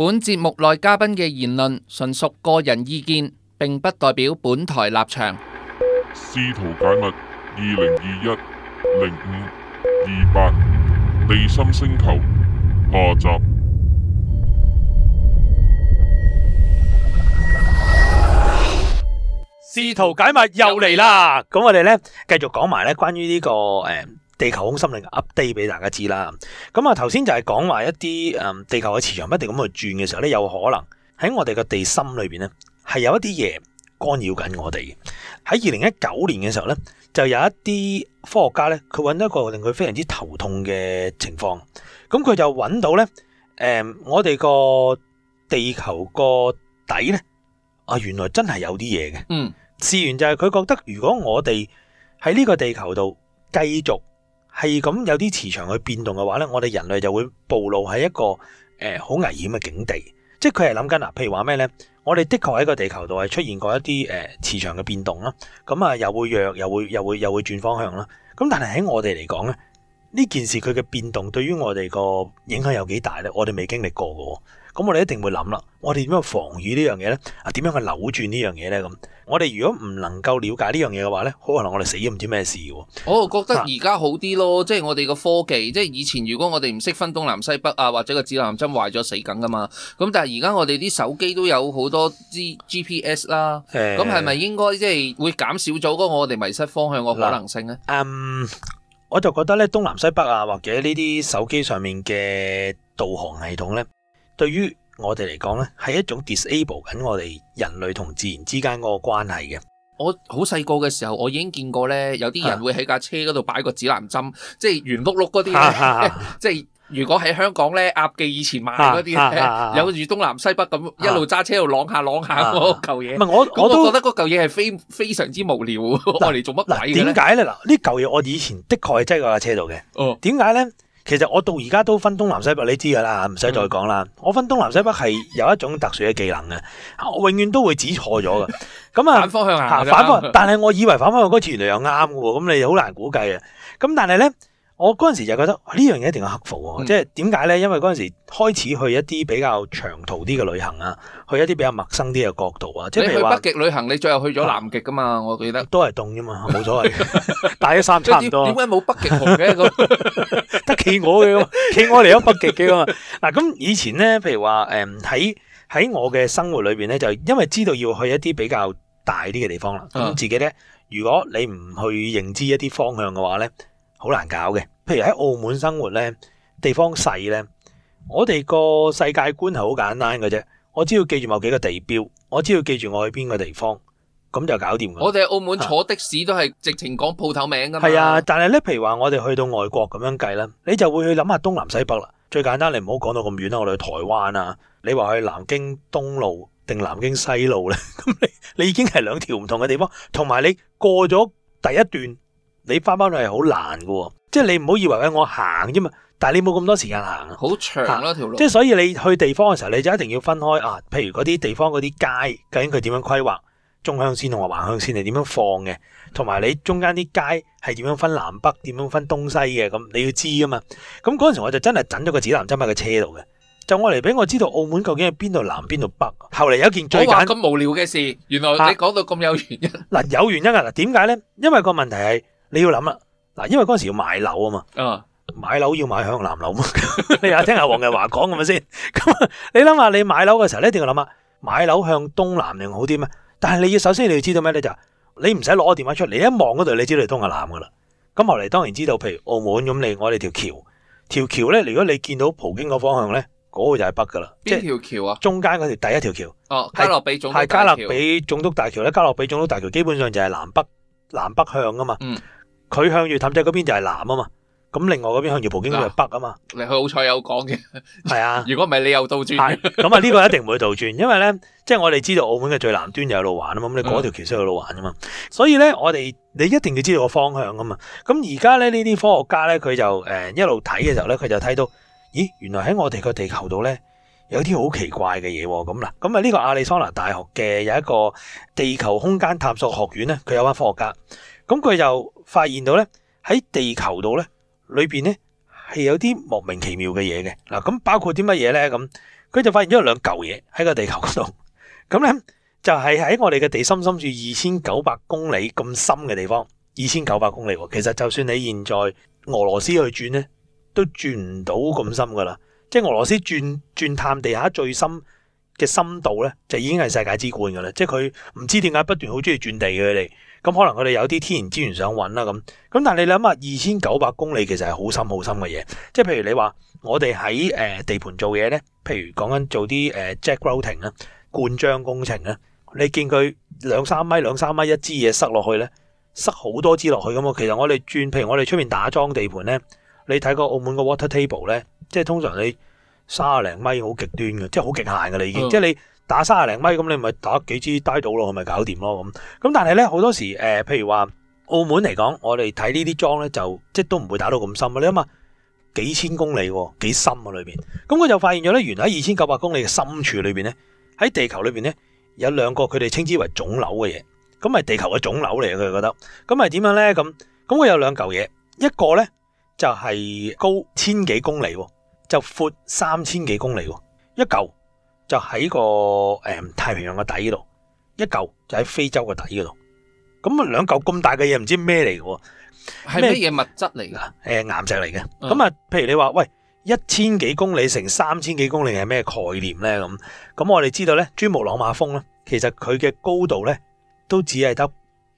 本節目內嘉賓嘅言論純屬個人意見，並不代表本台立場。試圖解密，二零二一零五二八，地心星球下集。試圖解密又嚟啦！咁我哋咧繼續講埋咧關於呢個誒。地球空心令 update 俾大家知啦。咁啊，頭先就係講話一啲誒，地球嘅磁場不一定咁去轉嘅時候咧，有可能喺我哋個地心裏邊咧，係有一啲嘢干擾緊我哋。喺二零一九年嘅時候咧，就有一啲科學家咧，佢揾到一個令佢非常之頭痛嘅情況。咁佢就揾到咧，誒，我哋，嗯，個地球個底咧，啊，原來真係有啲嘢嘅。嗯，事源就係佢覺得，如果我哋喺呢個地球度繼續。係咁有啲磁場去變動嘅話咧，我哋人類就會暴露喺一個誒好危險嘅境地，即係佢係諗緊嗱，譬如話咩咧？我哋的確喺個地球度係出現過一啲誒磁場嘅變動啦，咁啊又會弱，又會又會又會又會轉方向啦，咁但係喺我哋嚟講咧，呢件事佢嘅變動對於我哋個影響有幾大咧？我哋未經歷過嘅。咁我哋一定會諗啦，我哋點樣防御呢樣嘢呢？啊，點樣去扭轉呢樣嘢呢？咁我哋如果唔能夠了解呢樣嘢嘅話呢，好可能我哋死唔知咩事嘅。我就覺得而家好啲咯，啊、即係我哋個科技，即係以前如果我哋唔識分東南西北啊，或者個指南針壞咗死梗噶嘛。咁但係而家我哋啲手機都有好多 G GPS 啦，咁係咪應該即係會減少咗嗰個我哋迷失方向嘅可能性呢、啊？嗯，我就覺得呢，東南西北啊，或者呢啲手機上面嘅導航系統呢。對於我哋嚟講咧，係一種 disable 緊我哋人類同自然之間嗰個關係嘅。我好細個嘅時候，我已經見過咧，有啲人會喺架車嗰度擺個指南針，即係圓碌碌嗰啲。即係如果喺香港咧，鴨記以前買嗰啲有住東南西北咁一路揸車度朗下朗下個舊嘢。唔係我我都覺得嗰舊嘢係非非常之無聊，我嚟做乜鬼？點解咧？嗱呢舊嘢我以前的確係擠喺架車度嘅。哦，點解咧？其實我到而家都分東南西北，你知噶啦，唔使再講啦。嗯、我分東南西北係有一種特殊嘅技能嘅，我永遠都會指錯咗嘅。咁啊 反方向，反方向，但係我以為反方向嗰次原來又啱喎，咁你好難估計啊。咁但係呢，我嗰陣時就覺得呢樣嘢一定要克服、啊，嗯、即係點解咧？因為嗰陣時開始去一啲比較長途啲嘅旅行啊，去一啲比較陌生啲嘅角度啊。即係譬如話，你北極旅行你最後去咗南極噶嘛？我記得都係凍啫嘛，冇所謂。大咗三差唔多。點解冇北極熊嘅？ 得企鵝嘅，企鵝嚟咗北極嘅嘛？嗱、 啊，咁以前咧，譬如話，誒、嗯，喺喺我嘅生活裏邊咧，就因為知道要去一啲比較大啲嘅地方啦。咁自己咧，如果你唔去認知一啲方向嘅話咧。好難搞嘅，譬如喺澳門生活咧，地方細咧，我哋個世界觀係好簡單嘅啫。我只要記住某幾個地標，我只要記住我去邊個地方，咁就搞掂啦。我哋喺澳門坐的士都係直情講鋪頭名噶嘛，啊。係啊，但係咧，譬如話我哋去到外國咁樣計啦，你就會去諗下東南西北啦。最簡單，你唔好講到咁遠啦。我哋去台灣啊，你話去南京東路定南京西路咧，咁 你你已經係兩條唔同嘅地方，同埋你過咗第一段。你翻翻去係好難喎。即係你唔好以為喂我行啫嘛，但係你冇咁多時間行好長咯、啊、條路，即係所以你去地方嘅時候，你就一定要分開啊。譬如嗰啲地方嗰啲街，究竟佢點樣規劃，中向線同埋橫向線，係點樣放嘅，同埋你中間啲街係點樣分南北，點樣分東西嘅，咁你要知啊嘛。咁嗰陣時我就真係整咗個指南針喺個車度嘅，就我嚟俾我知道澳門究竟係邊度南邊度北。後嚟有一件最簡咁無聊嘅事，原來你講到咁有原因。嗱、啊啊、有原因啊，嗱點解咧？因為個問題係。你要諗啦，嗱，因為嗰時候要買樓啊嘛，啊、uh，huh. 買樓要買向南樓， 你又聽下黃日華講咁咪先。咁 你諗下，你買樓嘅時候一定要諗下買樓向東南定好啲咩？但係你要首先你要知道咩咧就係，你唔使攞個電話出嚟，你一望嗰度，你知道係東啊南噶啦。咁後嚟當然知道，譬如澳門咁，你我哋條橋，條橋咧，如果你見到葡京個方向咧，嗰個就係北噶啦。邊條橋啊？中間嗰條第一條橋。哦，加勒比總係加勒比總督大橋咧，加勒比總督大橋基本上就係南北南北向噶嘛。嗯佢向住氹仔嗰邊就係南啊嘛，咁另外嗰邊向住葡京嗰邊係北啊嘛。你佢好彩有講嘅，係啊。如果唔係你又倒轉。咁啊呢個一定唔會倒轉， 因為咧，即係我哋知道澳門嘅最南端有路環啊嘛，咁你嗰條橋先去路環啫嘛。嗯、所以咧，我哋你一定要知道個方向啊嘛。咁而家咧呢啲科學家咧，佢就誒、呃、一路睇嘅時候咧，佢就睇到，咦，原來喺我哋個地球度咧有啲好奇怪嘅嘢、啊。咁嗱，咁啊呢個亞利桑那大學嘅有一個地球空間探索學院咧，佢有班科學家。咁佢就發現到咧，喺地球度咧，裏面咧係有啲莫名其妙嘅嘢嘅。嗱，咁包括啲乜嘢咧？咁佢就發現咗兩嚿嘢喺個地球嗰度。咁咧就係喺我哋嘅地心深處二千九百公里咁深嘅地方，二千九百公里喎。其實就算你現在俄羅斯去轉咧，都轉唔到咁深噶啦。即係俄羅斯轉轉探地下最深嘅深度咧，就已經係世界之冠噶啦。即係佢唔知點解不斷好中意轉地嘅佢哋。咁可能我哋有啲天然資源想揾啦咁，咁但係你諗下，二千九百公里其實係好深好深嘅嘢，即係譬如你話我哋喺地盤做嘢咧，譬如講緊做啲 jack routing 啊、灌漿工程啊，你見佢兩三米兩三米一支嘢塞落去咧，塞好多支落去咁啊！其實我哋轉，譬如我哋出面打樁地盤咧，你睇個澳門個 water table 咧，即係通常你三廿零米好極端嘅，即係好極限㗎啦已經，即你。嗯打三十零米咁，你咪打幾支低到咯，佢咪搞掂咯咁。咁但係咧，好多時、呃、譬如話澳門嚟講，我哋睇呢啲樁咧，就即係都唔會打到咁深。你諗下幾千公里喎，幾深啊裏邊？咁佢就發現咗咧，原來喺二千九百公里嘅深處裏面咧，喺地球裏面咧有兩個佢哋稱之為腫瘤嘅嘢。咁係地球嘅腫瘤嚟嘅，佢覺得。咁係點樣咧？咁咁佢有兩嚿嘢，一個咧就係、是、高千幾公里，就闊三千幾公里，一嚿。就喺個、嗯、太平洋嘅底嗰度，一嚿就喺非洲嘅底嗰度。咁啊兩嚿咁大嘅嘢唔知咩嚟嘅，係咩嘢物質嚟㗎？誒、呃、岩石嚟嘅。咁啊、嗯，譬如你話喂一千幾公里乘三千幾公里係咩概念咧？咁咁我哋知道咧，珠穆朗瑪峰咧，其實佢嘅高度咧都只係得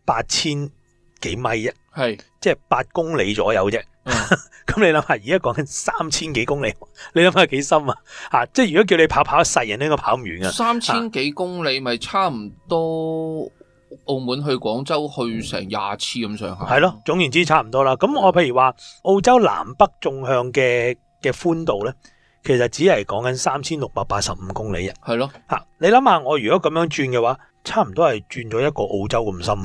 八千幾米啫，即係八公里左右啫。咁你諗下，而家講緊三千幾公里，你諗下幾深啊？吓，即係如果叫你跑跑，世人應該跑唔完啊。三千幾公里咪差唔多澳門去廣州去成廿次咁上下。係咯、嗯，總言之差唔多啦。咁我譬如話澳洲南北縱向嘅嘅寬度咧。其實只係講緊三千六百八十五公里嘅，係咯。吓，你諗下，我如果咁樣轉嘅話，差唔多係轉咗一個澳洲咁深，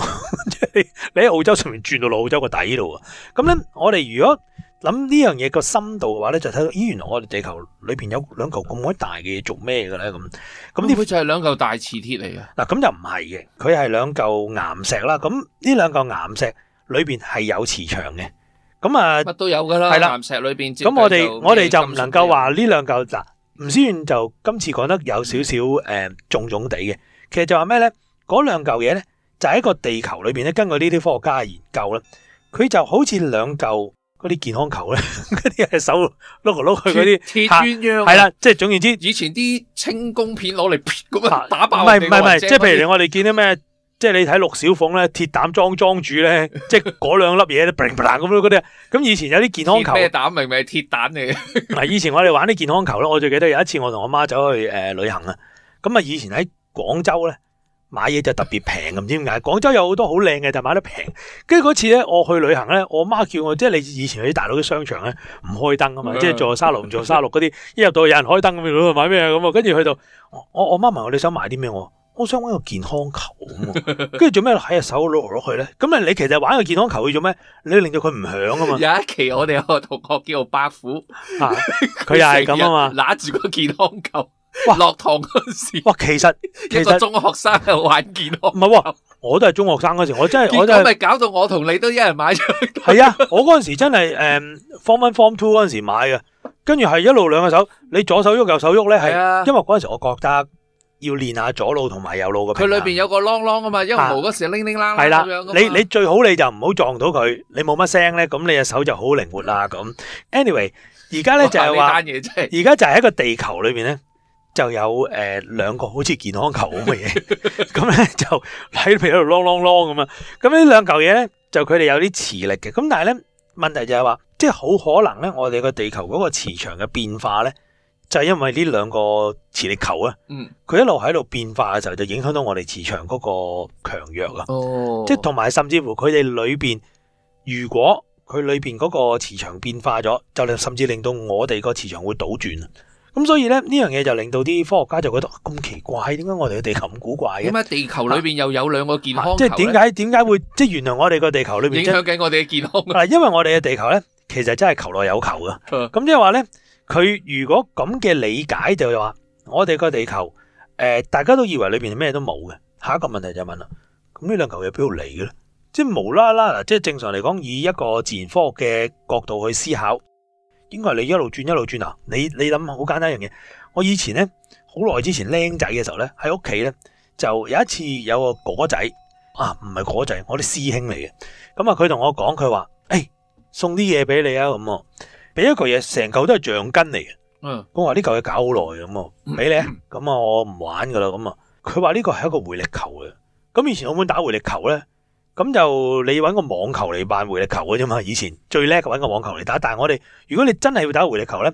即係你喺澳洲上面轉到老澳洲個底度啊。咁咧，我哋如果諗呢樣嘢個深度嘅話咧，就睇到，咦，原來我哋地球裏邊有兩嚿咁鬼大嘅嘢，做咩嘅咧？咁，咁呢？個就係兩嚿大磁鐵嚟嘅。嗱，咁就唔係嘅，佢係兩嚿岩石啦。咁呢兩嚿岩石裏邊係有磁場嘅。咁啊，乜都有噶啦！係啦的，岩石裏邊，咁我哋我哋就唔能夠話呢兩嚿嗱，吳思遠、啊、就今次講得有少少誒，重重哋嘅，其實就話咩咧？嗰兩嚿嘢咧，就是、一個地球裏邊咧，根據呢啲科學家嘅研究啦，佢就好似兩嚿嗰啲健康球咧，嗰啲係手碌嚟碌去嗰啲鐵鴛鴦係啦，即係、啊啊就是、總言之，以前啲輕功片攞嚟打爆，唔係唔係唔係，即係譬如我哋見到咩？即係你睇陸小鳳咧，鐵膽莊莊主咧，即係嗰兩粒嘢咧，咁樣嗰啲。咁以前有啲健康球，咩膽明明係鐵膽嚟。唔係，以前我哋玩啲健康球咯。我最記得有一次，我同我媽走去誒、呃、旅行啊。咁啊，以前喺廣州咧買嘢就特別平，唔知點解。廣州有好多好靚嘅，但係買得平。跟住嗰次咧，我去旅行咧，我媽叫我，即係你以前去啲大陸啲商場咧唔開燈啊嘛， 即係做沙龍做沙錄嗰啲，一入到有人開燈咁樣，買咩咁啊？跟住去到，我我媽問我你想買啲咩我。我想玩個健康球，跟住做咩喺隻手攞落去咧？咁咧，你其實玩個健康球去做咩？你令到佢唔響啊嘛！有一期我哋有個同學叫伯虎，佢又係咁啊嘛，拿住個健康球。哇！落堂嗰時，哇！其實，其實一個中學生係玩健康球，唔係我都係中學生嗰時，我真係我真係搞到我同你都一人買咗。係啊！我嗰陣時真係誒，um，form one form two 嗰陣時買啊，跟住係一路兩個手，你左手喐，右手喐咧，係因為嗰陣時我覺得。要練下左腦同埋右腦嘅，佢裏邊有個啷啷啊嘛，因為冇嗰時就鈴鈴啷啷。你你最好你就唔好撞到佢，你冇乜聲咧，咁你隻手就好靈活啦。咁，anyway，而家咧就係、是、話，而家就係一個地球裏邊咧就有誒兩、呃、個好似健康球咁嘅嘢，咁咧 就喺度喺度啷啷啷咁啊。咁呢兩嚿嘢咧就佢哋有啲磁力嘅，咁但係咧問題就係話，即係好可能咧，我哋個地球嗰個磁場嘅變化咧。就係因為呢兩個磁力球咧，佢一路喺度變化嘅時候，就影響到我哋磁場嗰個強弱啊。哦、即係同埋甚至乎佢哋裏邊，如果佢裏邊嗰個磁場變化咗，就甚至令到我哋個磁場會倒轉。咁所以咧，呢樣嘢就令到啲科學家就覺得咁奇怪，點解我哋嘅地球咁古怪嘅？點解地球裏邊又有兩個健康、啊？即係點解點解會即係原來我哋個地球裏邊影響緊我哋嘅健康、啊？因為我哋嘅地球咧，其實真係球內有球噶。咁即係話咧。佢如果咁嘅理解就話，我哋個地球，誒、呃，大家都以為裏邊咩都冇嘅。下一個問題就問啦，咁呢兩球係邊度嚟嘅咧？即係無啦啦嗱，即係正常嚟講，以一個自然科學嘅角度去思考，應該係你一路轉一路轉啊！你你諗好簡單一樣嘢，我以前咧好耐之前，僆仔嘅時候咧，喺屋企咧，就有一次有一個果仔啊，唔係果仔，我啲師兄嚟嘅，咁啊佢同我講佢話，誒、哎，送啲嘢俾你啊咁。俾一個嘢，成嚿都係橡筋嚟嘅。咁話呢嚿嘢搞好耐咁俾你，咁啊、嗯、我唔玩噶啦，咁啊佢話呢個係一個回力球嘅。咁以前澳門打回力球咧，咁就你搵個網球嚟扮回力球嘅啫嘛。以前最叻搵個網球嚟打，但係我哋如果你真係要打回力球咧，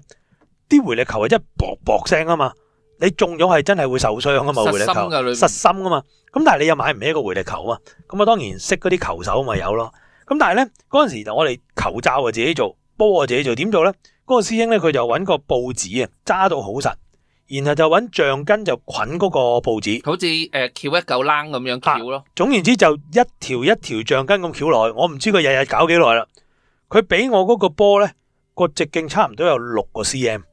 啲回力球係真係薄薄聲啊嘛。你中咗係真係會受傷啊嘛，回力球，實心啊嘛。咁但係你又買唔起一個回力球啊。咁啊當然識嗰啲球手咪有咯。咁但係咧嗰陣時就我哋球罩啊自己做。波我自己做，點做咧？嗰個師兄咧，佢就揾個報紙啊，揸到好實，然後就揾橡筋就捆嗰個報紙，好似誒翹一嚿冷咁樣翹咯、啊。總言之，就一條一條橡筋咁翹落去。我唔知佢日日搞幾耐啦。佢俾我嗰個波咧，個直徑差唔多有六個 cm，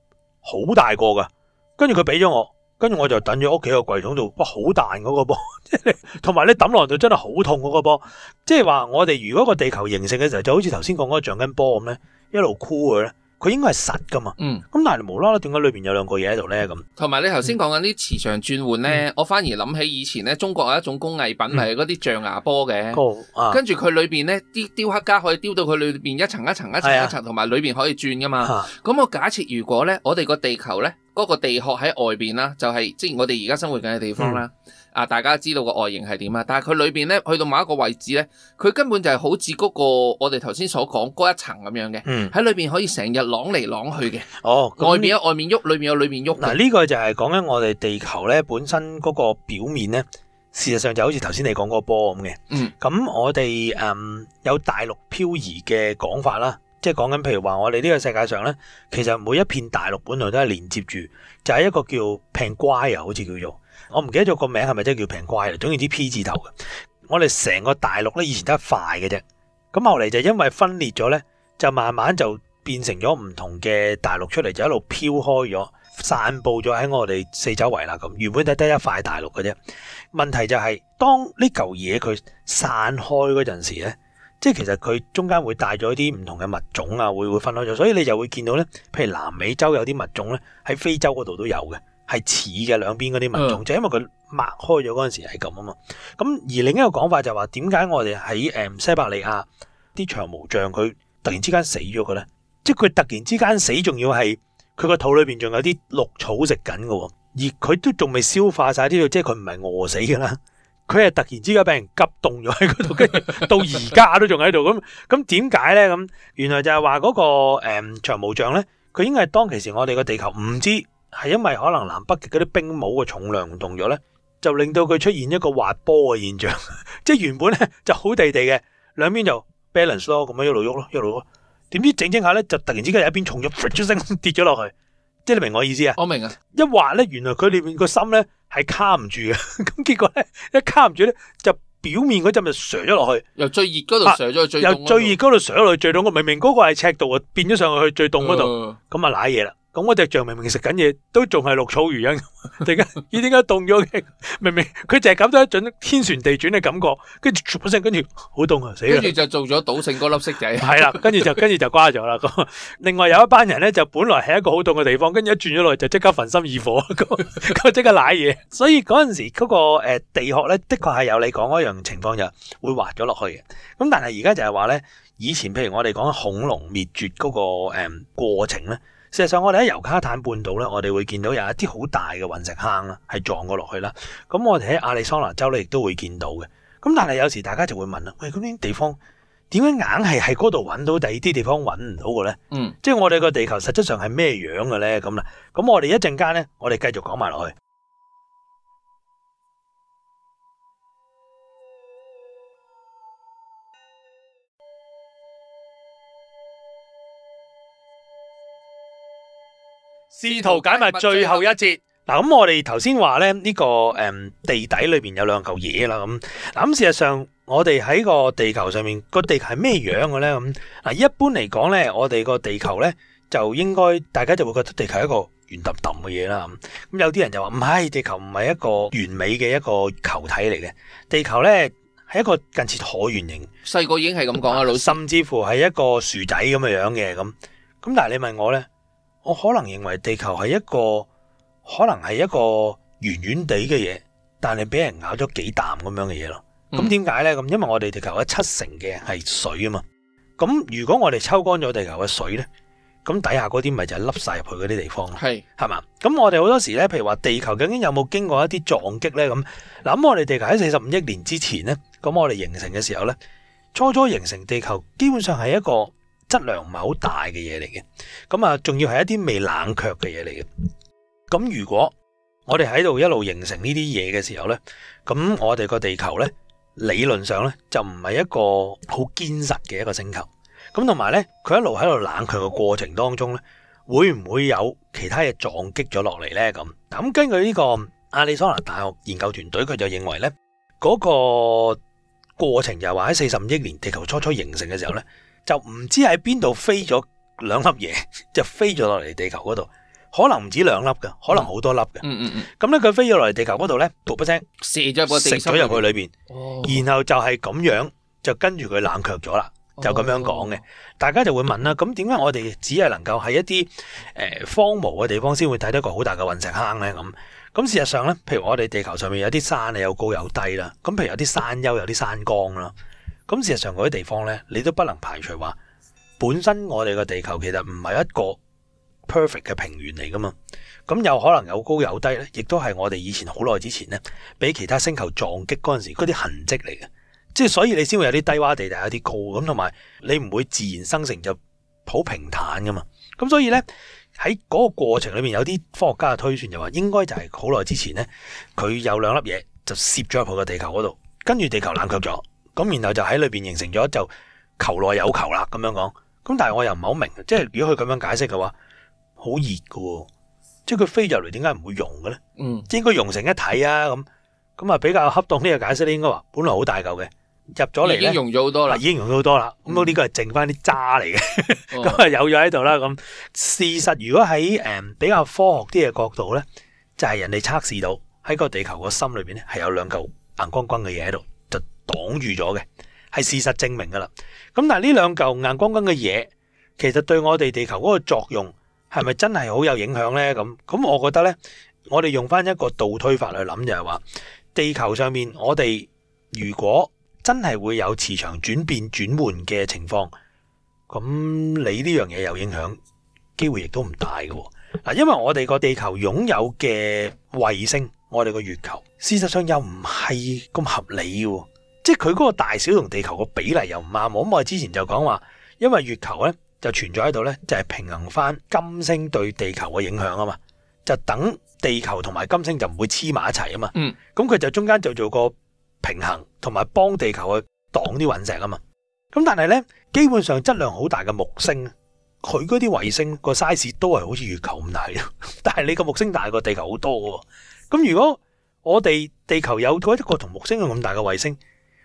好大個噶。跟住佢俾咗我，跟住我就等咗屋企個櫃桶度。哇，好彈嗰個波，即係同埋咧抌落去就真係好痛嗰個波。即係話我哋如果個地球形成嘅時候，就好似頭先講嗰個橡筋波咁咧。一路箍佢咧，佢應該係實噶嘛。嗯。咁但係冇啦啦，點解裏邊有兩個嘢喺度咧？咁。同埋你頭先講緊啲磁場轉換咧，嗯、我反而諗起以前咧，中國有一種工藝品係嗰啲象牙波嘅。嗯嗯哦啊、跟住佢裏面咧，啲雕刻家可以雕到佢裏面，一,一,一,一層一層、一層一層，同埋裏面可以轉噶嘛。咁、啊、我假設如果咧，我哋個地球咧，嗰、那個嗰個地殼喺外面啦，就係即係我哋而家生活緊嘅地方啦。嗯啊！大家知道個外形係點啊？但係佢裏面咧，去到某一個位置咧，佢根本就係好似嗰個我哋頭先所講嗰一層咁樣嘅，喺裏、嗯、面可以成日啷嚟啷去嘅。哦，外面有外面喐，裏面有裏面喐。嗱、啊，呢、呢個就係講緊我哋地球咧本身嗰個表面咧，事實上就好似頭先你講嗰個波咁嘅、嗯。嗯，咁我哋誒有大陸漂移嘅講法啦，即係講緊譬如話我哋呢個世界上咧，其實每一片大陸本來都係連接住，就係、是、一個叫 Pangaea，好似叫做。我唔記得咗個名係咪真係叫平怪嚟？總之啲 P 字頭嘅，我哋成個大陸咧以前得一塊嘅啫。咁後嚟就因為分裂咗咧，就慢慢就變成咗唔同嘅大陸出嚟，就一路飄開咗，散佈咗喺我哋四周圍啦。咁原本就得一塊大陸嘅啫。問題就係當呢嚿嘢佢散開嗰陣時咧，即係其實佢中間會帶咗一啲唔同嘅物種啊，會會分開咗。所以你就會見到咧，譬如南美洲有啲物種咧，喺非洲嗰度都有嘅。係似嘅兩邊嗰啲紋路，嗯、就因為佢擘開咗嗰陣時係咁啊嘛。咁而另一個講法就話，點解我哋喺誒西伯利亞啲長毛象佢突然之間死咗佢咧？即係佢突然之間死，仲要係佢個肚裏邊仲有啲綠草食緊嘅，而佢都仲未消化晒啲度即係佢唔係餓死噶啦，佢係突然之間俾人急凍咗喺嗰度，跟住到而家都仲喺度。咁咁點解咧？咁原來就係話嗰個誒長毛象咧，佢應該係當其時我哋個地球唔知。係因為可能南北極嗰啲冰帽嘅重量動咗咧，就令到佢出現一個滑波嘅現象， 即係原本咧就好地地嘅，兩邊就 balance 咯，咁樣一路喐咯，一路喐。點知整清下咧就突然之間有一邊重咗，噗一聲跌咗落去，即係你明我意思啊？我明啊！一滑咧，原來佢裏邊個心咧係卡唔住嘅，咁結果咧一卡唔住咧就表面嗰浸咪斜咗落去，由最熱嗰度斜咗去最，由、啊、最熱嗰度斜落去最凍，明明嗰個係赤道啊，變咗上去去最凍嗰度，咁啊瀨嘢啦。咁我隻象明明食緊嘢，都仲係綠草如茵，突然間，咦點解凍咗嘅？明明佢就係感到一種天旋地轉嘅感覺，跟住，突然之間，跟住好凍啊，死啦！跟住就做咗賭聖嗰粒色仔。係啦，跟住就，跟住就瓜咗啦。 另外有一班人咧，就本來係一個好凍嘅地方，跟住一轉咗落，就即刻焚心以火，即刻瀨嘢。所以嗰陣時嗰個誒地殼咧，的確係有你講嗰樣情況，就會滑咗落去嘅。咁但係而家就係話咧，以前譬如我哋講恐龍滅絕嗰個誒過程咧。事實上，我哋喺猶卡坦半島咧，我哋會見到有一啲好大嘅隕石坑啦，係撞過落去啦。咁我哋喺阿里桑拿州咧，亦都會見到嘅。咁但係有時大家就會問啦，喂，嗰啲地方點解硬係喺嗰度揾到，第二啲地方揾唔到嘅咧？嗯，即係我哋個地球實質上係咩樣嘅咧？咁啦，咁我哋一陣間咧，我哋繼續講埋落去。試圖解密最後一節嗱，咁我哋頭先話咧，呢個誒地底裏邊有兩球嘢啦，咁嗱，咁事實上我哋喺個地球上面，個地球係咩樣嘅咧？咁嗱，一般嚟講咧，我哋個地球咧就應該大家就會覺得地球係一個圓揼揼嘅嘢啦咁，咁有啲人就話唔係，地球唔係一個完美嘅一個球體嚟嘅，地球咧係一個近似橢圓形，細個已經係咁講啦，老師甚至乎係一個薯仔咁嘅樣嘅咁，咁但係你問我咧？我可能認為地球係一個可能係一個圓圓地嘅嘢，但係俾人咬咗幾啖咁樣嘅嘢咯。咁點解呢？咁因為我哋地球有七成嘅係水啊嘛。咁如果我哋抽乾咗地球嘅水呢，咁底下嗰啲咪就係凹晒入去嗰啲地方咯。係係嘛？咁我哋好多時呢，譬如話地球究竟有冇經過一啲撞擊呢？咁嗱，咁我哋地球喺四十五億年之前呢，咁我哋形成嘅時候呢，初初形成地球基本上係一個。質量唔係好大嘅嘢嚟嘅，咁啊，仲要係一啲未冷卻嘅嘢嚟嘅。咁如果我哋喺度一路形成呢啲嘢嘅時候呢，咁我哋個地球呢，理論上呢，就唔係一個好堅實嘅一個星球。咁同埋呢，佢一路喺度冷卻嘅過程當中呢，會唔會有其他嘢撞擊咗落嚟？呢咁咁根據呢個亞利桑那大學研究團隊，佢就認為呢，嗰個過程就係話喺四十五億年地球初初形成嘅時候呢。就唔知喺邊度飛咗兩粒嘢，就飛咗落嚟地球嗰度，可能唔止兩粒嘅，可能好多粒嘅。咁咧、嗯，佢飛咗落嚟地球嗰度咧，噗一聲射咗入個地心，食咗入去裏邊。然後就係咁樣，就跟住佢冷卻咗啦，就咁樣講嘅。哦哦、大家就會問啦，咁點解我哋只係能夠喺一啲誒、呃、荒蕪嘅地方先會睇到一個好大嘅隕石坑咧？咁咁事實上咧，譬如我哋地球上面有啲山係有高有低啦，咁譬如有啲山丘，有啲山崗啦。咁事實上嗰啲地方咧，你都不能排除話，本身我哋個地球其實唔係一個 perfect 嘅平原嚟噶嘛。咁有可能有高有低咧，亦都係我哋以前好耐之前咧，俾其他星球撞擊嗰陣時嗰啲痕跡嚟嘅。即係所以你先會有啲低窪地，又有啲高。咁同埋你唔會自然生成就好平坦噶嘛。咁所以咧，喺嗰個過程裏面，有啲科學家嘅推算就話，應該就係好耐之前咧，佢有兩粒嘢就攝咗入個地球嗰度，跟住地球冷卻咗。咁然後就喺裏邊形成咗，就球內有球啦，咁樣講。咁但係我又唔係好明，即係如果佢咁樣解釋嘅話，好熱噶、哦，即係佢飛入嚟，點解唔會溶嘅咧？即、嗯、應該融成一體啊，咁咁啊比較恰當呢嘅解釋咧，應該話本來好大嚿嘅入咗嚟，已經融咗好多啦，已經融咗好多啦。咁呢個係剩翻啲渣嚟嘅，咁啊、嗯、有咗喺度啦。咁事實如果喺誒、嗯、比較科學啲嘅角度咧，就係、是、人哋測試到喺個地球個心裏邊咧係有兩嚿硬光光嘅嘢喺度。擋住咗嘅係事實證明噶啦。咁但係呢兩嚿硬光棍嘅嘢，其實對我哋地球嗰個作用係咪真係好有影響呢？咁咁，我覺得呢，我哋用翻一個倒推法去諗就係話，地球上面我哋如果真係會有磁場轉變轉換嘅情況，咁你呢樣嘢有影響，機會亦都唔大嘅嗱。因為我哋個地球擁有嘅衛星，我哋個月球，事實上又唔係咁合理喎。即佢嗰個大小同地球個比例又唔啱喎，咁我之前就講話，因為月球咧就存在喺度咧，就係平衡翻金星對地球嘅影響啊嘛，就等地球同埋金星就唔會黐埋一齊啊嘛，咁佢、嗯、就中間就做個平衡，同埋幫地球去擋啲隕石啊嘛，咁但係咧基本上質量好大嘅木星，佢嗰啲衛星個 size 都係好似月球咁大，但係你個木星大過地球好多喎。咁如果我哋地球有咗一個同木星咁大嘅衛星？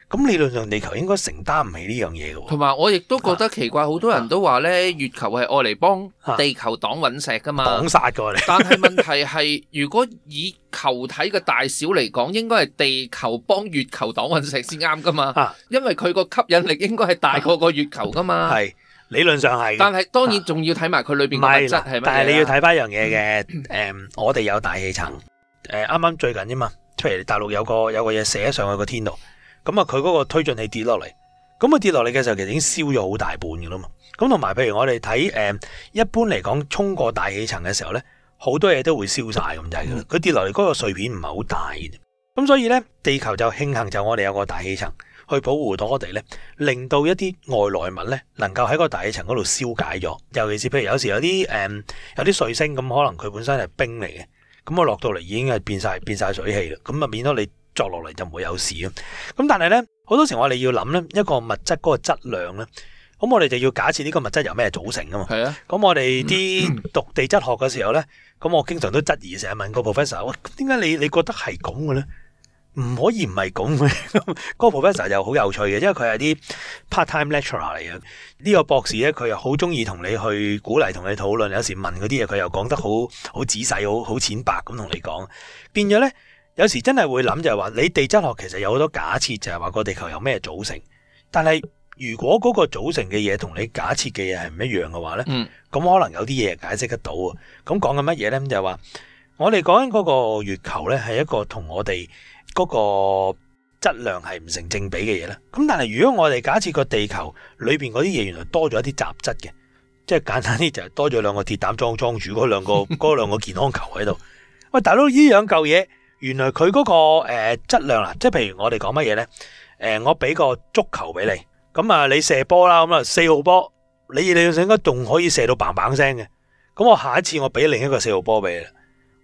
咁理論上地球應該承擔唔起呢樣嘢嘅，同埋我亦都覺得奇怪，好多人都話呢，月球係愛嚟幫地球擋隕石噶嘛，擋晒過嚟。啊、但係問題係， 如果以球體嘅大小嚟講，應該係地球幫月球擋隕石先啱噶嘛？啊、因為佢個吸引力應該係大過個月球噶嘛？係、啊、理論上係，但係當然仲要睇埋佢裏邊嘅物質係咪？但係你要睇翻一樣嘢嘅，誒、嗯嗯嗯，我哋有大氣層，誒、呃，啱啱最近啫嘛，出嚟大陸有個有個嘢寫上去個天度。咁啊，佢嗰個推進器跌落嚟，咁佢跌落嚟嘅時候其實已經燒咗好大半噶啦嘛。咁同埋，譬如我哋睇誒，一般嚟講衝過大氣層嘅時候咧，好多嘢都會燒晒。咁就係佢跌落嚟嗰個碎片唔係好大嘅，咁所以咧地球就慶幸就我哋有個大氣層去保護到我哋咧，令到一啲外來物咧能夠喺個大氣層嗰度消解咗。尤其是譬如有時有啲誒有啲碎星咁，可能佢本身係冰嚟嘅，咁啊落到嚟已經係變晒變晒水氣啦，咁啊變咗你。作落嚟就唔會有事嘅，咁但係咧好多時候我哋要諗咧一個物質嗰個質量咧，咁我哋就要假設呢個物質由咩組成噶嘛？係啊，咁我哋啲讀地質學嘅時候咧，咁我經常都質疑，成日問個 professor，喂，點解你你覺得係咁嘅咧？唔可以唔係咁嘅。 個 professor 又好有趣嘅，因為佢係啲 part time lecturer 嚟嘅。呢個博士咧，佢又好中意同你去鼓勵同你討論，有時問嗰啲嘢佢又講得好好仔細，好好淺白咁同你講，變咗咧。有時真係會諗，就係話，你地質學其實有好多假設，就係話個地球有咩組成。但係如果嗰個組成嘅嘢，同你假設嘅嘢係唔一樣嘅話咧，咁可能有啲嘢解釋得到。咁講緊乜嘢咧？就係話我哋講緊嗰個月球咧，係一個同我哋嗰個質量係唔成正比嘅嘢啦，咁但係如果我哋假設個地球裏邊嗰啲嘢原來多咗一啲雜質嘅，即係簡單啲就係多咗兩個鐵膽裝裝住嗰兩個嗰兩 個，個健康球喺度。喂，大佬呢樣嚿嘢？原來佢嗰個誒，質量啦，即係譬如我哋講乜嘢咧？誒，我俾個足球俾你，咁啊，你射波啦，咁啊四號波，你你想應該仲可以射到棒棒聲嘅。咁我下一次我俾另一個四號波俾你啦，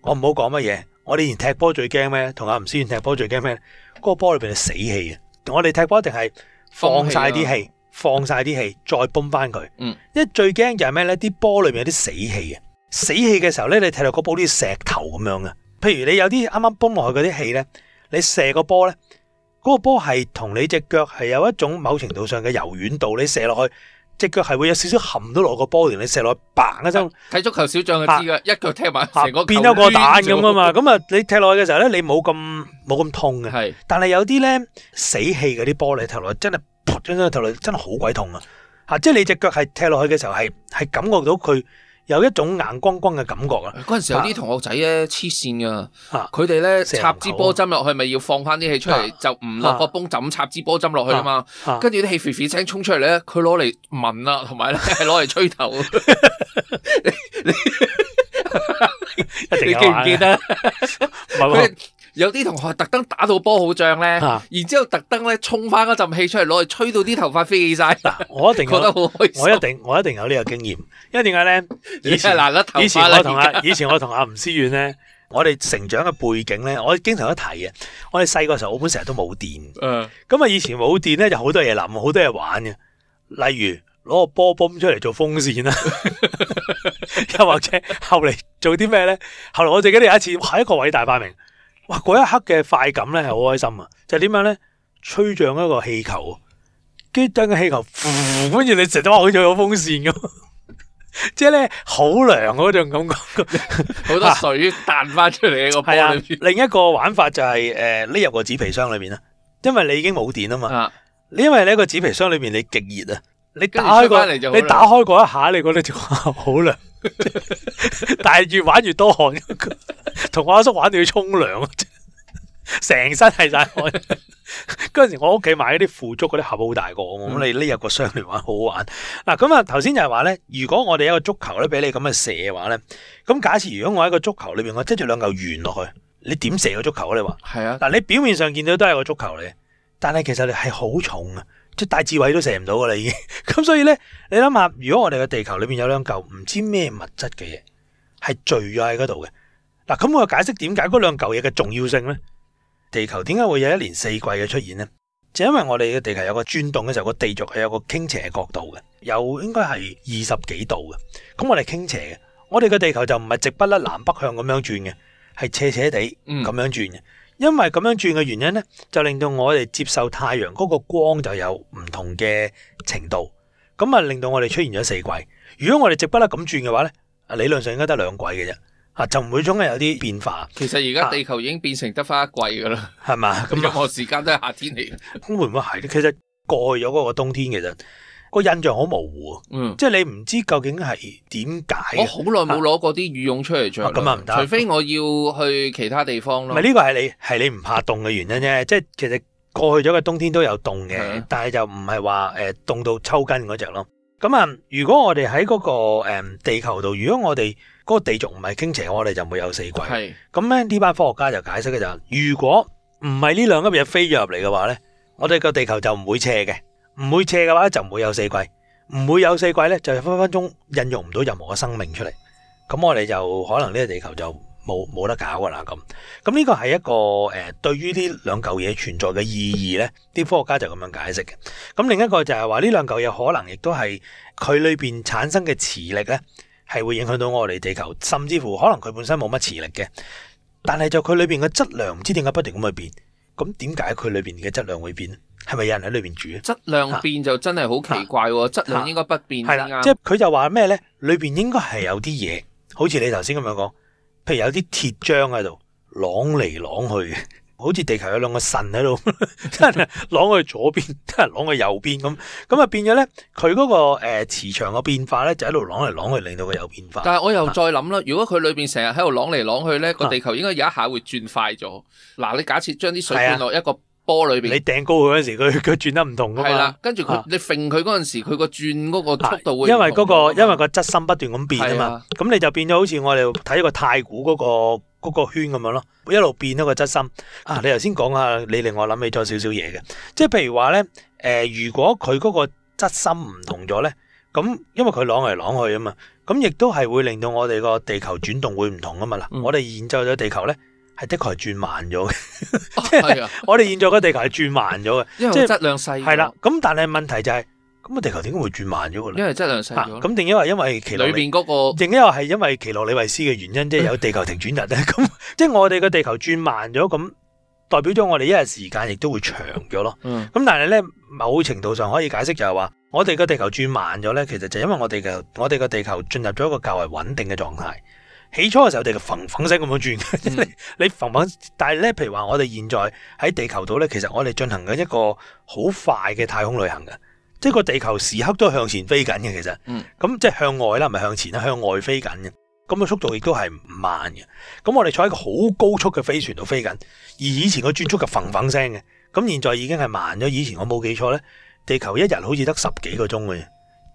我唔好講乜嘢。我哋以前踢波最驚咩？同阿吳思遠踢波最驚咩？嗰個波裏邊係死氣啊！我哋踢波一定係放晒啲氣，放晒啲氣再泵翻佢。嗯、因為最驚就係咩咧？啲波裏邊有啲死氣啊！死氣嘅時候咧，你踢落嗰波啲石頭咁樣嘅。譬如你有啲啱啱泵落去嗰啲氣咧，你射，個波咧，嗰個波係同你隻腳係有一種某程度上嘅柔軟度，你射落去隻腳係會有少少含到落個波，然你射落去嘭一聲，睇足球小將就知啦，啊、一腳踢埋成個變咗個蛋咁啊嘛，咁啊你踢落去嘅時候咧是，你冇咁冇咁痛嘅，但係有啲咧死氣嗰啲波你踢落去真係噗，真真踢落去真係好鬼痛啊！吓，即係你隻腳係踢落去嘅時候係係感覺到佢。有一種眼光光嘅感覺啊！嗰陣時有啲同學仔咧，黐線噶，佢哋咧，插支波針落去，咪要放翻啲氣出嚟，啊、就唔落個泵枕、啊、插支波針落去啊嘛，跟住啲氣 fit fit 聲衝出嚟咧，佢攞嚟聞啦，同埋咧係攞嚟吹頭 你，你， 你記唔記得？啊有啲同學特登打到波好脹咧，啊、然之後特登咧沖翻嗰陣氣出嚟攞嚟吹到啲頭髮飛起晒。嗱、啊，我一定 覺得好開心我，我一定我一定有呢個經驗。因為點解咧？以前我同阿以前我同阿在吳思遠咧，我哋成長嘅背景咧，我經常都提嘅。我哋細個時候，澳門成日都冇電。咁啊、嗯，以前冇電咧，就好多嘢諗，好多嘢玩嘅。例如攞個波泵出嚟做風扇啦， 又或者後嚟做啲咩咧？後嚟我最記得有一次，係一個偉大發明。嗰一刻嘅快感咧，係好開心啊！就點、是、樣咧？吹脹一個氣球，跟住等個氣球，跟住你成日都話好似有風扇咁，即係咧好涼嗰種感覺，好 多水彈翻出嚟喺、啊、個啊，另一個玩法就係誒匿入個紙皮箱裏面啦，因為你已經冇電啊嘛。啊因為你個紙皮箱裏面，你極熱啊，你打開就你打開嗰一下，你覺得超好涼。 但係越玩越多汗，同我阿叔、叔玩到要沖涼，成身係晒汗。嗰陣時我屋企買嗰啲腐竹嗰啲盒好大個、嗯、這個，咁你呢日個箱嚟，玩好好玩。嗱、啊，咁啊頭先就係話咧，如果我哋有一個足球咧俾你咁樣射嘅話咧，咁假設如果我喺個足球裏邊我執住兩嚿圓落去，你點射個足球啊？你話係啊？嗱，你表面上見到都係個足球嚟，但係其實你係好重啊。即大智慧都射唔到噶啦，已經，咁所以咧，你諗下，如果我哋嘅地球裏邊有兩嚿唔知咩物質嘅嘢，係聚咗喺嗰度嘅，嗱，咁我嘅解釋點解嗰兩嚿嘢嘅重要性咧？地球點解會有一年四季嘅出現咧？就因為我哋嘅地球有個轉動嘅時候，個地軸係有個傾斜角度嘅，有應該係二十幾度嘅，咁我哋傾斜嘅，我哋嘅地球就唔係直不甩南北向咁樣轉嘅，係斜斜地咁樣轉嘅。嗯因為咁樣轉嘅原因咧，就令到我哋接受太陽嗰個光就有唔同嘅程度，咁啊令到我哋出現咗四季。如果我哋直筆甩咁轉嘅話咧，理論上應該得兩季嘅啫，啊就唔會總係有啲變化。其實而家地球已經變成得翻一季噶啦，係嘛？咁任何時間都係夏天嚟。會唔會係咧？其實過去咗嗰個冬天其實。個印象好模糊，嗯，即係你唔知究竟係點解。我好耐冇攞過啲羽絨出嚟着，咁啊唔得。啊、除非我要去其他地方咯。唔係呢個係你係你唔怕凍嘅原因啫，即係其實過去咗嘅冬天都有凍嘅，啊、但係就唔係話誒凍到抽筋嗰隻咯。咁、嗯、啊，如果我哋喺嗰個誒地球度，如果我哋嗰個地軸唔係傾斜，我哋就唔會有四季。咁咧、啊，呢班科學家就解釋嘅就係、是，如果唔係呢兩粒嘢飛咗入嚟嘅話咧，我哋個地球就唔會斜嘅。唔會斜嘅話就唔會有四季，唔會有四季咧就分分鐘孕育唔到任何嘅生命出嚟，咁我哋就可能呢個地球就冇冇得搞噶啦咁，咁呢個係一個誒對於呢兩嚿嘢存在嘅意義咧，啲科學家就咁樣解釋嘅，咁另一個就係話呢兩嚿嘢可能亦都係佢裏邊產生嘅磁力咧係會影響到我哋地球，甚至乎可能佢本身冇乜磁力嘅，但係就佢裏邊嘅質量唔知點解不停咁去變，咁點解佢裏邊嘅質量會變？係咪有人喺裏邊住呢？質量變就真係好奇怪。哦，質、啊、量應該不變係啦，啊啊啊，即係佢就話咩咧？裏邊應該係有啲嘢，好似你頭先咁樣講，譬如有啲鐵漿喺度，攞嚟攞去好似地球有兩個腎喺度， 真係攞去左邊，真係攞去右邊咁，咁啊變咗咧，佢嗰、嗰個誒磁場嘅變化咧就喺度攞嚟攞去，令到佢有變化。但係我又再諗啦，啊、如果佢裏邊成日喺度攞嚟攞去咧，個地球應該有一下會轉快咗。嗱，啊，你假設將啲水落一個、啊。波裏邊，你掟高佢嗰時，佢佢轉得唔同噶嘛？係啦，跟住佢你揈佢嗰陣時，佢個轉嗰個速度會因為嗰、那個因為個質心不斷咁變啊嘛，咁的你就變咗好似我哋睇一個太古嗰、那個、那個圈咁樣咯，一路變咗個質心啊！你頭先講下，你令我諗起咗少少嘢嘅，即、就、係、是、譬如話咧，誒、呃，如果佢嗰個質心唔同咗咧，咁因為佢啷嚟啷去啊嘛，咁亦都係會令到我哋個地球轉動會唔同啊嘛。嗱，我哋研究咗地球咧。係的確係轉慢咗嘅、哦，啊、 即係我哋現在個地球係轉慢咗嘅，因為質量細係啦。咁但係問題就係、是，咁個地球點解會轉慢咗嘅？因為質量細咗、啊，咁定因為因為裏邊嗰個定因為係因為奇諾里維、那個、斯嘅原因，即、就、係、是、有地球停轉日咧。咁即係我哋個地球轉慢咗，咁代表咗我哋一日時間亦都會長咗咯。咁、嗯嗯、但係咧，某程度上可以解釋就係、是、話，我哋個地球轉慢咗咧，其實就是因為我哋嘅我哋個地球進入咗一個較為穩定嘅狀態。起初嘅時候，我哋嘅揈揈聲咁樣轉嘅，你揈揈。但係咧，譬如話我哋現在喺地球度咧，其實我哋進行緊一個好快嘅太空旅行嘅，即係個地球時刻都向前飛緊嘅。其實，咁、嗯、即係向外啦，唔係向前，向外飛緊嘅。咁個速度亦都係慢嘅。咁我哋坐喺個好高速嘅飛船度飛緊，而以前個轉速嘅揈揈聲嘅，咁現在已經係慢咗。以前我冇記錯咧，地球一日好似得十幾個鐘嘅。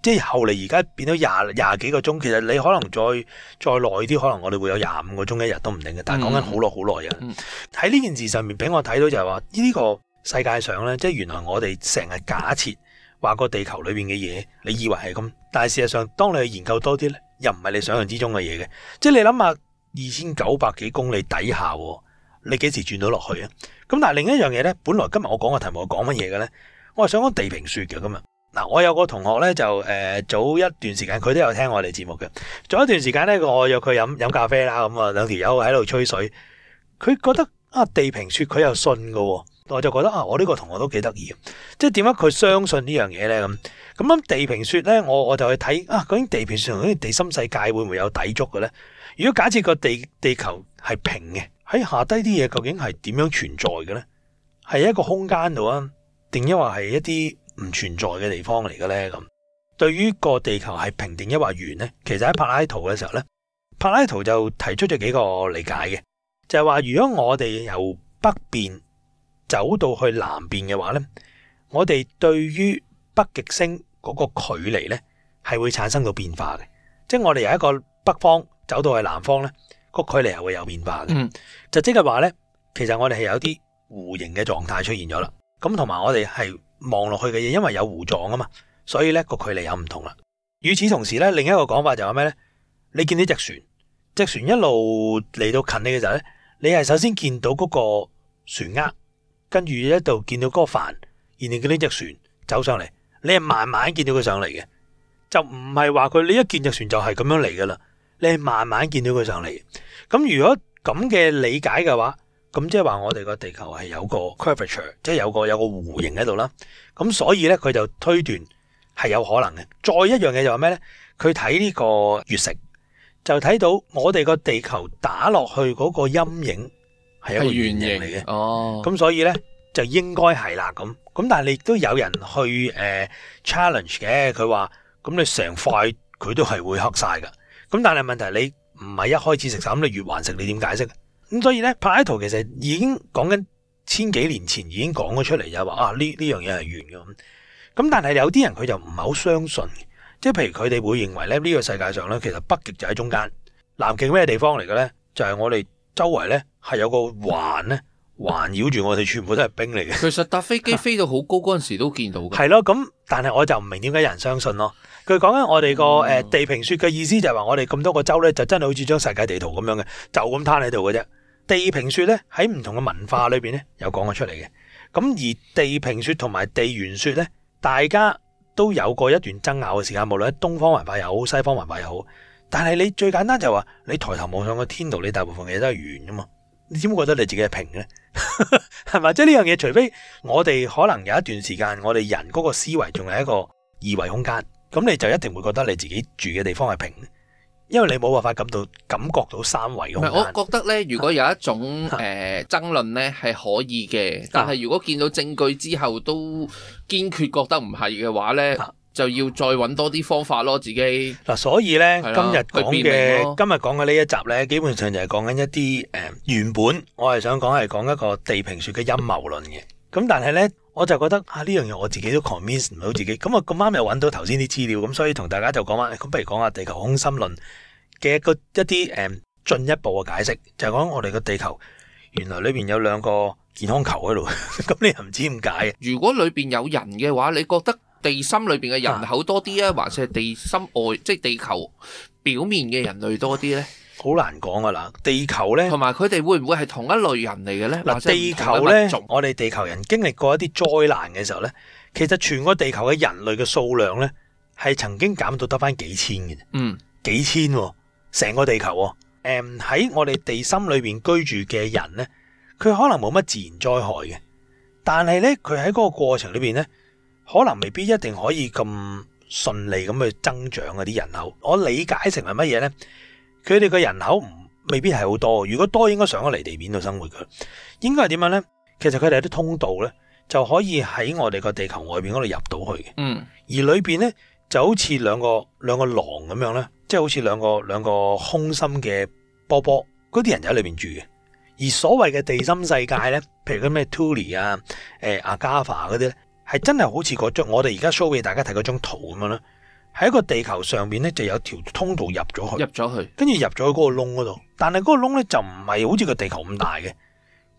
即係後嚟而家變到廿廿幾個鐘，其實你可能再再耐啲，可能我哋會有廿五個鐘一日都唔定嘅。但係講緊好耐好耐嘅。喺呢件事上面俾我睇到就係話呢個世界上呢，即係原來我哋成日假設話個地球裏面嘅嘢，你以為係咁，但係事實上當你去研究多啲呢，又唔係你想象之中嘅嘢嘅。即係你諗下二千九百幾公里底下，你幾時轉到落去啊？咁但係另一樣嘢呢，本來今日我講嘅題目我講乜嘢嘅呢？我係想講《地平說》嘅今日。嗱，我有個同學咧，就誒早一段時間佢都有聽我哋節目嘅。早一段時間咧，我約佢飲飲咖啡啦，咁、嗯、啊兩條友喺度吹水。佢覺得啊《地平雪，佢又信噶，哦，我就覺得啊，我呢個同學都幾得意。即係點樣佢相信呢樣嘢咧？咁、嗯、咁地平雪咧，我我就去睇啊，究竟《地平雪，同啲地心世界會唔會有抵足嘅咧？如果假設個地地球係平嘅，喺下低啲嘢究竟係點樣存在嘅咧？係一個空間度啊，定抑或係一啲？唔存在嘅地方嚟嘅咧，咁對於個地球係平定抑或圓咧，其實喺柏拉圖嘅時候咧，柏拉圖就提出咗幾個理解嘅，就係話如果我哋由北邊走到去南邊嘅話咧，我哋對於北極星嗰個距離咧，係會產生到變化嘅，即係我哋由一個北方走到去南方咧，個距離係會有變化嘅，嗯、就即係話咧，其實我哋係有啲弧形嘅狀態出現咗啦，咁同埋我哋係。望落去嘅嘢，因為有弧狀啊嘛，所以呢個距離又唔同啦。與此同時呢，另一個講法就係咩呢？你見到隻船，隻船一路嚟到近你嘅時候呢，你係首先見到嗰個船呃，跟住一度見到嗰個帆，然後見到隻船走上嚟，你係慢慢見到佢上嚟嘅，就唔係話佢你一見隻船就係咁樣嚟噶啦，你係慢慢見到佢上嚟。咁如果咁嘅理解嘅話，咁即係話我哋個地球係有個 curvature，即係有個有個弧形喺度啦。咁所以咧，佢就推斷係有可能嘅。再一樣嘢就係咩咧？佢睇呢個月食，就睇到我哋個地球打落去嗰個陰影係一個圓形嚟嘅。哦。咁所以咧就應該係啦。咁咁，但係你亦都有人去、呃、challenge 嘅，佢話咁你成塊佢都係會黑晒㗎。咁但係問題你唔係一開始食曬，咁你月環食你點解釋？咁所以咧，柏拉圖其實已經講緊千幾年前已經講咗出嚟，啊、就話啊呢呢樣嘢係圓嘅咁。咁但係有啲人佢就唔係好相信，即係譬如佢哋會認為咧呢個世界上咧，其實北極就喺中間，南極咩地方嚟嘅咧？就係、是、我哋周圍咧係有個環咧環繞住我哋，全部都係冰嚟嘅。其實搭飛機飛到好高嗰陣 時都見到嘅。係咯，咁但係我就唔明點解有人相信咯？佢講緊我哋個誒地平說嘅意思就係話我哋咁多個洲咧，就真係好似張世界地圖咁樣嘅，就咁攤喺度嘅啫。地平說咧喺唔同嘅文化裏邊咧有講過出嚟嘅，咁而地平說同埋地圓說咧，大家都有過一段爭拗嘅時間。無論喺東方文化又好，西方文化又好，但係你最簡單就話，是，你抬頭望上個天度，你大部分嘢都係圓噶嘛，你點覺得你自己係平嘅？係 咪？即係呢樣嘢，除非我哋可能有一段時間，我哋人嗰個思維仲係一個二維空間，咁你就一定會覺得你自己住嘅地方係平。因為你冇辦法感到感覺到三維嘅空間。我覺得咧，如果有一種誒、啊呃、爭論咧係可以嘅，但係如果見到證據之後都堅決覺得唔係嘅話咧，啊、就要再搵多啲方法咯，自己嗱、啊。所以咧的今日講嘅今日講嘅呢一集咧，基本上就係講緊一啲誒、呃、原本我係想講係講一個地平說嘅陰謀論嘅。咁但係咧。我就覺得啊，呢樣嘢我自己都 convince 唔到自己，咁啊咁啱又揾到頭先啲資料，咁所以同大家就講話，咁不如講下地球空心論嘅一個一啲誒進一步嘅解釋，就係講我哋個地球原來裏面有兩個健身球喺度，咁 你又唔知點解，如果裏面有人嘅話，你覺得地心裏面嘅人口多啲啊，還是地心外，即係地球表面嘅人類多啲呢？好難講噶啦，地球咧，同埋佢哋會唔會係同一類人嚟嘅咧？嗱，地球咧，我哋地球人經歷過一啲災難嘅時候咧，其實全個地球嘅人類嘅數量咧，係曾經減到得翻幾千嘅。嗯，幾千、哦，成個地球、哦。誒，喺我哋地心裏邊居住嘅人咧，佢可能冇乜自然災害嘅，但係咧，佢喺嗰個過程裏邊咧，可能未必一定可以咁順利咁去增長嗰、啊、啲人口。我理解成為乜嘢咧？佢哋嘅人口唔未必係好多，如果多應該上咗嚟地面度生活。佢應該係點樣咧？其實佢哋有啲通道咧，就可以喺我哋個地球外邊嗰度入到去嘅。嗯，而裏邊咧就好似兩個兩個狼咁樣咧，即係好似兩個兩個空心嘅波波，嗰啲人就喺裏邊住嘅。而所謂嘅地心世界咧，譬如啲咩 Tully 啊、誒阿加法嗰啲咧，係真係好似嗰張我哋而家 show 俾大家睇嗰張圖咁樣喺一個地球上面咧，就有條通道入咗去，入咗去，跟住入咗去嗰個窿嗰度。但係嗰個窿咧就唔係好似個地球咁大嘅，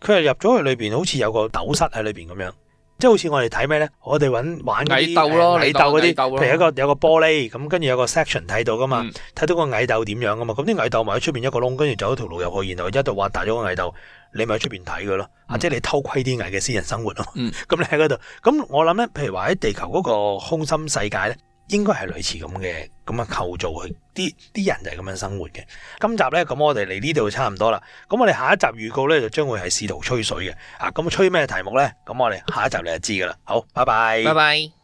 佢係入咗去裏邊，好似有個斗室喺裏邊咁樣，即係好似我哋睇咩咧？我哋搵玩嗰啲蟻斗咯，蟻斗嗰啲，譬如一個有一個玻璃咁，跟住有個 section 睇到噶嘛，睇、嗯、到個蟻斗點樣噶嘛。咁啲蟻斗埋喺出邊一個窿，跟住走咗條路入去，然後一路挖大咗個蟻斗，你咪喺出邊睇噶咯。啊，即係你偷窺啲蟻嘅私人生活咯。咁、嗯、 你喺嗰度，咁我諗咧，譬如話喺地球嗰個空心世界咧。應該係類似咁嘅咁樣構造，佢啲啲人就係咁樣生活嘅。今集咧，咁我哋嚟呢度差唔多啦。咁我哋下一集預告咧，就將會係試圖吹水嘅。啊，咁吹咩題目咧？咁我哋下一集你就知噶啦。好，拜拜。拜拜。